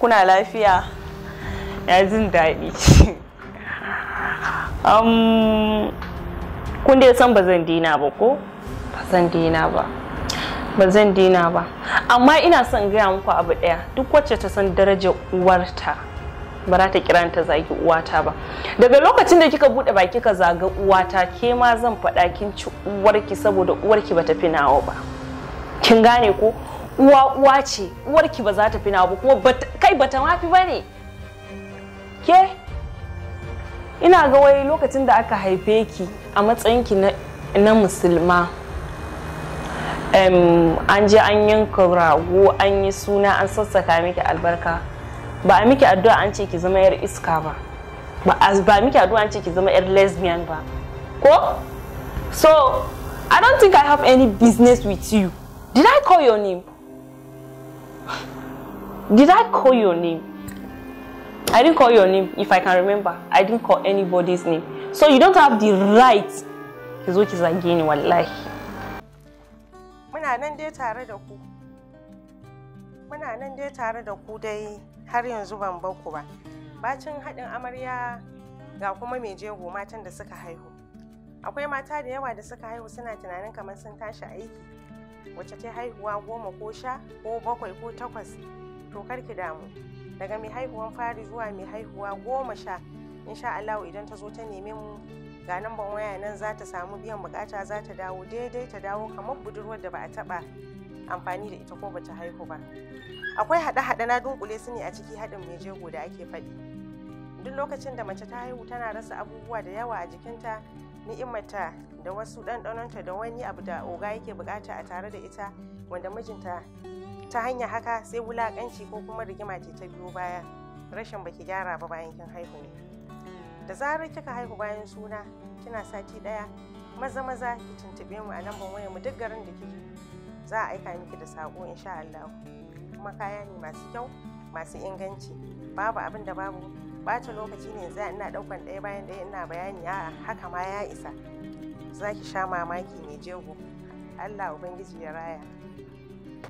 kuna lafiya ya jin daɗi um, kun dai san ba dina ba ko ba dina ba ba dina ba amma ina son gaya muku abu ɗaya duk wacce ta san darajar uwarta ba za ta kira ta zagi uwata ba daga lokacin da kika buɗe baki ka zaga uwata ke ma zan faɗa kin ci uwarki saboda uwarki ba ta fi nawa ba kin gane ko uwa uwa ce uwarki ba za ta fi nawa ba kuma kai ba ta mafi ba ne ke ina ga wai lokacin da aka haife ki a matsayinki na musulma an je an yanka rago an yi suna an sassaka miki albarka ba a miki addu'a an ce ki zama yar iska ba ba a miki addu'a an ce ki zama yar lesbian ba ko so i don't think i have any business with you did i call your name Did I call your name? I didn't call your name, if I can remember. I didn't call anybody's name. So you don't have the right. Is which is again wallahi. Muna nan dai tare da ku. Muna nan dai tare da ku dai har yanzu ban bar ku ba. Bacin haɗin amarya ga kuma mai jego matan da suka haihu. Akwai mata da yawa da suka haihu suna tunanin kamar sun tashi aiki. Wacce ta haihuwa goma ko sha ko bakwai ko takwas to kar ki damu daga mai haihuwan fari zuwa mai haihuwa goma sha insha Allah idan ta zo ta neme mu ga namban waya nan za ta samu biyan bukata za ta dawo daidai ta dawo kamar budurwar da ba a taba amfani da ita ko bata haihu ba akwai haɗe-haɗe na dunkule su ne a ciki haɗin mai jego da ake faɗi duk lokacin da mace ta haihu tana rasa abubuwa da yawa a jikinta ni'imata da wasu ɗanɗanonta da wani abu da oga yake bukata a tare da ita wanda mijinta ta hanya haka sai wulaƙanci ko kuma rigima ce ta biyo baya rashin baki gyara ba bayan kin haihu ne da zarar kika haihu bayan suna kina sati ɗaya maza maza ki tuntube mu a lambar wayar mu duk garin da kike za a aika miki da sako insha Allah kuma kaya ne masu kyau masu inganci babu abin da babu ɓata lokaci ne yanzu ina ɗaukan ɗaya bayan ɗaya ina bayani a haka ma ya isa zaki sha mamaki mai jego allah ubangiji ya raya